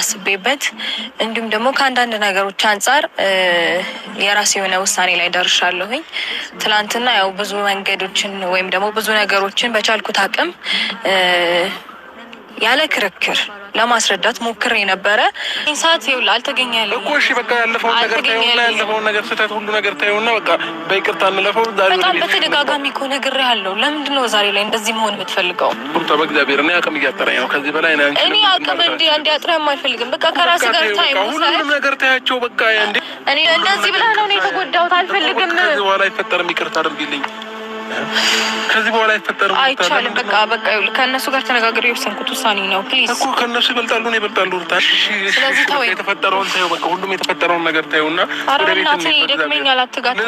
አስቤበት እንዲሁም ደግሞ ከአንዳንድ ነገሮች አንጻር የራስ የሆነ ውሳኔ ላይ ደርሻለሁኝ። ትናንትና ያው ብዙ መንገዶችን ወይም ደግሞ ብዙ ነገሮችን በቻልኩት አቅም ያለ ክርክር ለማስረዳት ሞክሬ ነበረ። ሰዓት ይውል አልተገኘህልም እኮ እሺ፣ በቃ ያለፈው ነገር ታየውና ያለፈውን ነገር ስህተት ሁሉ ነገር ታየውና በቃ በይቅርታ እንለፈው። በጣም በተደጋጋሚ እኮ ነግሬሃለሁ። ለምንድን ነው ዛሬ ላይ እንደዚህ መሆን የምትፈልገው? ሩታ፣ በእግዚአብሔር እኔ አቅም እያጠረኝ ነው። ከዚህ በላይ እኔ አቅም እንዲ እንዲ አጥረህም አልፈልግም። በቃ ከራስ ጋር ታይም ሁሉንም ነገር ታያቸው። በቃ እንዲ እኔ እንደዚህ ብላ ነው እኔ የተጎዳሁት። አልፈልግም። ከዚህ በኋላ አይፈጠርም። ይቅርታ አድርግልኝ ከዚህ በኋላ አይፈጠርም፣ አይቻልም። በቃ በቃ ይኸውልህ፣ ከእነሱ ጋር ተነጋግሬ የወሰንኩት ውሳኔ ነው። ፕሊዝ እኮ ከእነሱ ይበልጣሉ ነው ይበልጣሉ። የተፈጠረውን ተይው። በቃ ሁሉም የተፈጠረውን ነገር ተይውና ወደ ቤት እንሂድ። ደግመኛል፣ አትጋት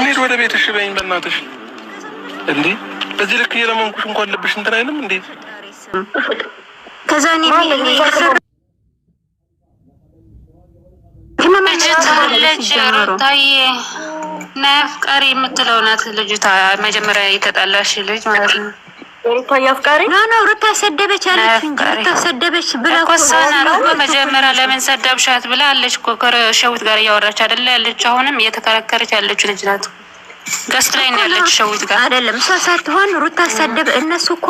እንሂድ ወደ ቤት። እሺ በይኝ በእናትሽ። እንዴ በዚህ ልክ እየለመንኩሽ እንኳን ልብሽ እንትን አይልም እንዴ? ከዛ ኔ ልጅ ታለች ሮታዬ ናያፍቃሪ የምትለው ናት ልጅቷ፣ መጀመሪያ የተጣላሽ ልጅ ማለት ነው። ሩታ ያፍቃሪ ኖ ኖ ሩታ ሰደበች አለች እንጂ ሩታ ሰደበች ብላ ነው መጀመሪያ ለምን ሰደብሻት ብላ አለች እኮ ከሸዊት ጋር እያወራች አይደለ ያለች። አሁንም እየተከራከረች ያለች ልጅ ናት። ገስት ላይ ነው ያለች ሸዊት ጋር አይደለም እሷ ሳትሆን ሩታ ሰደብ እነሱ እኮ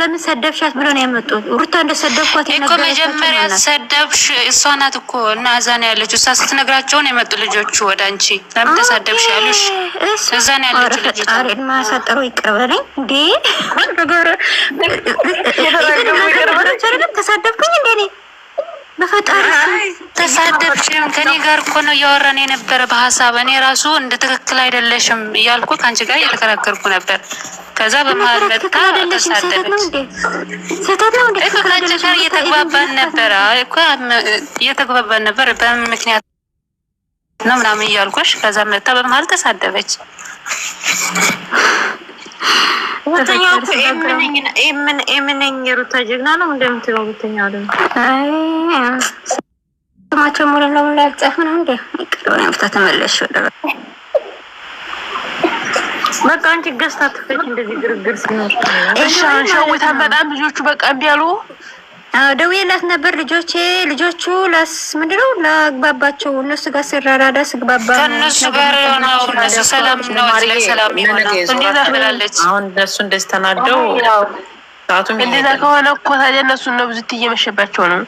ለምን ሰደብሻት ብሎ ነው የመጡት። ሩታ እንደሰደብኳት እኮ መጀመሪያ ሰደብሽ እሷ ናት እኮ እና እዛ ነው ያለችው። እሷ ስትነግራቸውን የመጡ ልጆቹ ወደ አንቺ ለምን ተሰደብሽ ያሉሽ እዛ ነው ያለችው። ልጅ አሬድ ማሳጠሩ ይቀበለኝ እንዴ ተሰደብኩኝ እንዴ በፈጣሪ ተሳደብሽም ከኔ ጋር እኮ ነው እያወራን የነበረ በሀሳብ እኔ ራሱ እንደ ትክክል አይደለሽም እያልኩ ከአንቺ ጋር እየተከራከርኩ ነበር። ከዛ በመሀል መጣ ተሳደበች። ከአንቺ ጋር እየተግባባን ነበረ እኮ እየተግባባን ነበር በምክንያት ነው ምናምን እያልኩሽ ከዛ መጣ በመሀል ተሳደበች። ሁለተኛው እኮ የምነኝ ሩታ ጀግና ነው እንደምትለው፣ ሁለተኛ ደግሞ ስማቸው ሙሉ ለሙሉ ያልጻፈ ነው እንዴ? ይቀርበ ብታ ተመለሽ ወደ በቃ አንቺ ገዝታ ትፈች እንደዚህ ግርግር ሲኖር እሺ፣ ሸውታን በጣም ልጆቹ በቃ እምቢ አሉ። ደውዬላት ነበር። ልጆቼ ልጆቹ ላስ ምንድነው ላግባባቸው እነሱ ጋር ስራራዳ ስግባባ ከእነሱ ጋር ነው እነሱ ሰላም ነው ሰላም ይሆናል። እንደዛ ብላለች። አሁን እነሱ እንደዚህ ተናደው እንደዛ ከሆነ እኮ ታዲያ እነሱ ነው ብዙት እየመሸባቸው ነው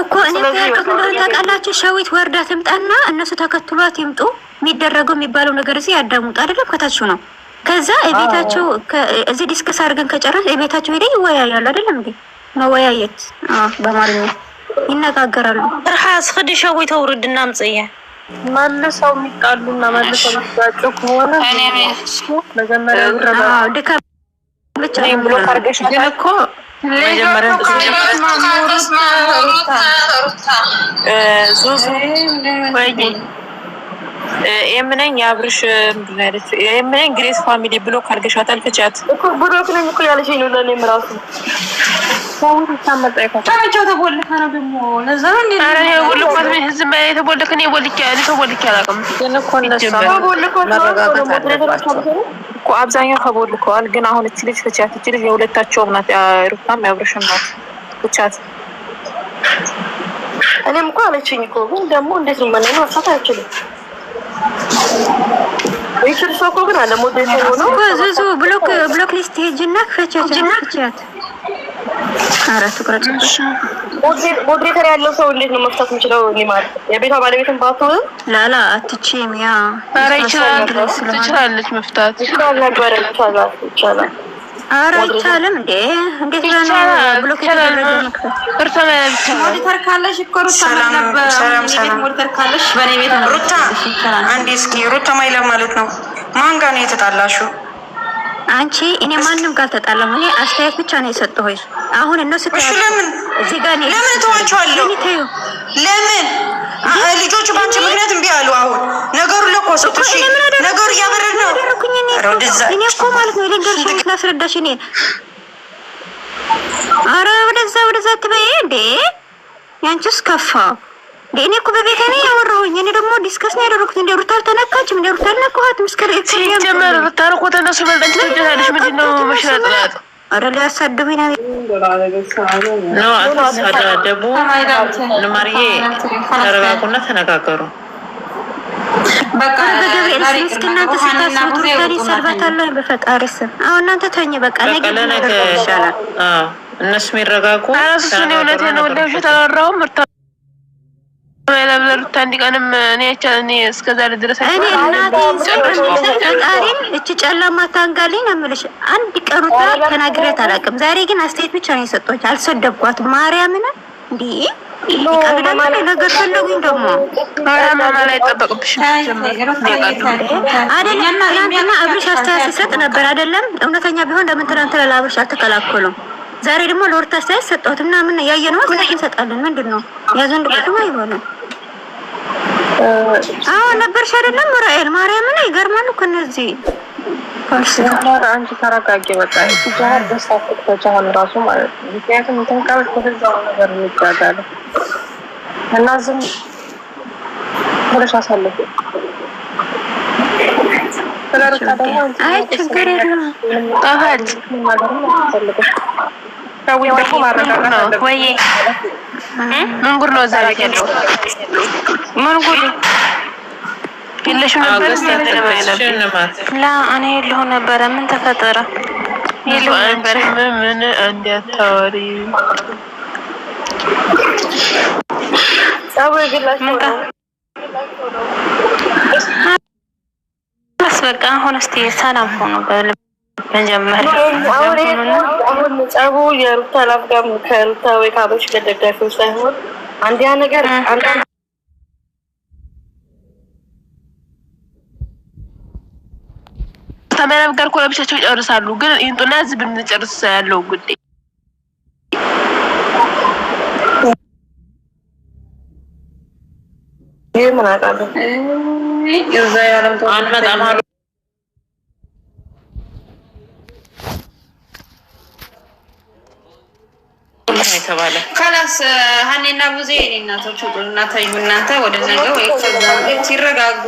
እኮ እኔ ያልኩት እንደሆነ ታውቃላችሁ። ሸዊት ወርዳ ትምጣና እነሱ ተከትሏት ይምጡ። የሚደረገው የሚባለው ነገር እዚህ ያዳሙጡ አይደለም ከታችሁ ነው። ከዛ የቤታቸው እዚህ ዲስከስ አድርገን ከጨረስ የቤታቸው ሄደ ይወያያሉ አይደለም እንዴ መወያየት በማርኛ ይነጋገራሉ። ርሓ ስክዲ ሸዊ ተውርድ እና ምፅየ መልሰው የሚጣሉ እና መልሰው የሚጋጩ ከሆነ መጀመሪያ ብሎ ካርገሽ እኮ የምነኝ የአብርሽ የምነኝ ግሬስ ፋሚሊ ብሎ ካርገሻት አልፈቻት እኮ ብሎክ ነኝ እኮ ያለሽኝ ነው። ለኔ ምራሱ አብዛኛው ተቦልከዋል። ግን አሁን እች ልጅ ፍቻት፣ እቺ ልጅ የሁለታቸውም ናት። ሩታም ያብርሽም ናት ፍቻት እኔም እኮ አለችኝ እኮ ግን ደግሞ እንዴት ነው መናኘው አሳታ አይችልም ይችል ሞዴሬተር ያለው ሰው እንዴት ነው መፍታት የምችለው? እኔ ማለት የቤቷ ባለቤትን ባትሆንም ላላ አትችም። ያ ትችላለች መፍታት ይችላል ነበረ ይቻላል፣ ይቻላል ኧረ አይቻልም እንዴ! እንዴት ብሎክ የተደረገ ሞኒተር ካለሽ እኮ ሩታ ሞኒተር ካለሽ በእኔ ቤት ሩታ፣ አንዴ እስኪ ሩታ ማይለብ ማለት ነው። ማን ጋር ነው የተጣላሽው? አንቺ እኔ ማንም ጋር አልተጣላም። እኔ አስተያየት ብቻ ነው የሰጠሁሽ። አሁን እነሱ ለምን እዚህ ጋር ለምን እተዋቸዋለሁ? ለምን ልጆቹ በአንቺ ምክንያት እምቢ አሉ? አሁን ነገሩ ፖስቱ እሺ፣ ነገሩ እያበረደ ነው። እኔ እኮ ማለት ነው ልንገርሽ፣ ላስረዳሽ። እኔ ኧረ ወደዛ ወደዛ ትበይ እንዴ! ያንቺስ ከፋ እኔ እኮ በቤቴ ነው ያወራሁኝ። እኔ ደግሞ ዲስከስ ነው ያደረኩት። እንደ ሩታ አልተነካችም፣ እንደ ሩታ አልነካኋትም። እስከ ሲጀመር ሩታ እኮ ተነሱ በልጠን ትወጃታለሽ። ምንድን ነው መሽራጥላት? ኧረ ሊያሳድቡኝ ነው ነው። አትሳደቡ። ንማርዬ ተረጋጉና ተነጋገሩ። በፈጣሪ ስም አሁን እናንተ ተኝ በቃ ነገ ይሻላል። እነሱ የሚረጋጉ እሱን የእውነት ነው። ለብሽ ተወራውም ምርታ ለብለሩታ እንዲቀንም እኔ እኔ እስከዛሬ ድረስ እኔ እናቴ እች ጨለማ ታንጋልኝ እምልሽ አንድ ቀኑታ ተናግሬያት አላውቅም። ዛሬ ግን አስተያየት ብቻ ነው የሰጠች። አልሰደብኳትም ማርያምን እንዴ ነገር ፈለጉኝ ነበር አይደለም? እውነተኛ ቢሆን ለምን ትናንት ለአብርሽ አልተከላከሉም? ዛሬ ደግሞ ለወርት አስተያየት ሰጠሁት ምናምን ያየ ነው እንሰጣለን። ምንድን ነው ያዘንድ ደግሞ አይሆንም። አዎ ነበርሽ አይደለም? ራኤል ማርያምን ይገርማሉ እነዚህ አንቺ ተረጋጊ። በቃ ሲጀመር ደስታ ፍቅቶቻሁን ራሱ ማለት ነው። ምክንያቱም እንትን ካልክ ነገር እና ዝም ብለሽ አሳልፍ። አይ ችግር የለም ወይ ምን ጉድ ነው እዛ ያለው ምን ጉድ የለሽም ነበር? እኔ የለሁ ነበረ። ምን ተፈጠረ? የለሁ ነበረ። ምን በቃ አሁን እስቲ ሰላም ሆኖ መጀመሪያ አሁን ጸቡ የሩታ ላፍጋም ከሩታ ወይ ካበሽ ደጋፊዎች ሳይሆን አንዲያ ነገር አንዳንድ ከመረብ ጋር እኮ ለብቻቸው ይጨርሳሉ። ግን ይንጡና ህዝብ ብንጨርስ ያለው ጉዳይ ይህ ምን አውቃለሁ የተባለ ካላስ ሀኔና ቡዜ የእኔ እናቶች እና ተዩ እናንተ ወደ ነገው ሲረጋጉ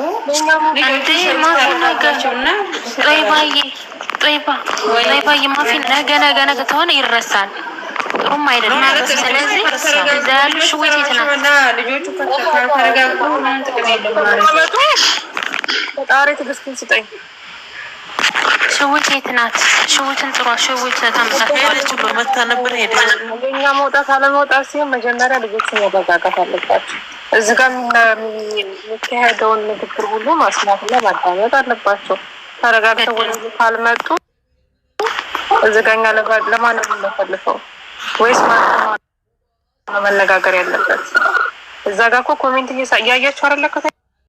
ነገ ነገ ነገ ከሆነ ይረሳል። ጥሩም አይደለም። ስለዚህ ያሉሽ ውጤት ነው። ልጆቹ ከተረጋጉ ጥቅም ፈጣሪ ትዕግስቱን ስጠኝ። ሽውት የት ናት? ሽውትን ጥሯ። ሽውት መታ ነበር ሄደ። የኛ መውጣት አለመውጣት ሲሆን መጀመሪያ ልጆች መረጋጋት አለባቸው። እዚህ ጋር የሚካሄደውን ንግግር ሁሉ ማስማትና ማዳመጥ አለባቸው። ተረጋግተው ወደ ካልመጡ እዚህ ጋኛ እኛ ለማንም የምንፈልፈው ወይስ ማነው መነጋገር ያለበት? እዛ ጋር እኮ ኮሜንት እያያቸው አለከተ